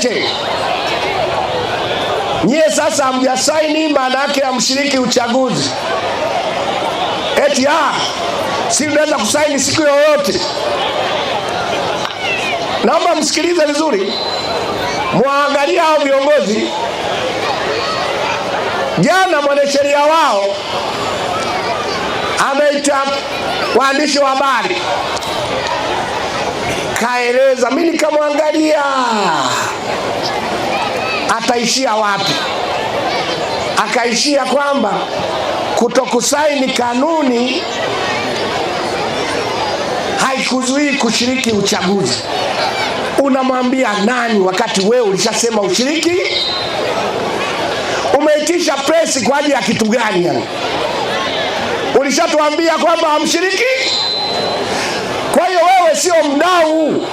tete. Nyie sasa hamjasaini, maana yake hamshiriki uchaguzi. Eti ah, si unaweza kusaini siku yoyote. Naomba msikilize vizuri, mwaangalia hao viongozi. Jana mwanasheria wao ameita waandishi wa habari, kaeleza, mimi nikamwangalia taishia wapi? Akaishia kwamba kutokusaini kanuni haikuzuii kushiriki uchaguzi. Unamwambia nani wakati wewe ulishasema ushiriki? Umeitisha presi kwa ajili ya kitu gani? Yani ulishatuambia kwamba hamshiriki. Kwa hiyo wewe sio mdau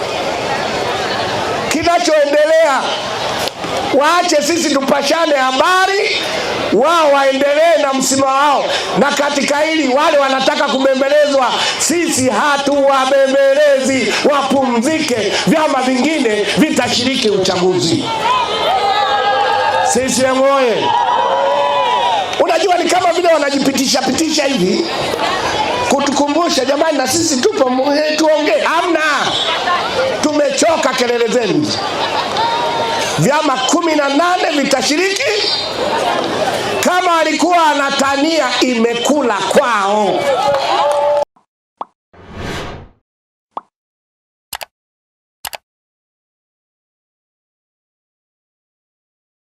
kinachoendelea waache sisi tupashane habari, wao waendelee na msima wao. Na katika hili wale wanataka kubembelezwa, sisi hatuwabembelezi, wapumzike. Vyama vingine vitashiriki uchaguzi. Sisi oye unajua ni kama vile wanajipitisha pitisha hivi kutukumbusha, jamani, na sisi tupo, eh, tuongee. Hamna, tumechoka kelele zenu vyama kumi na nane vitashiriki. Kama alikuwa anatania imekula kwao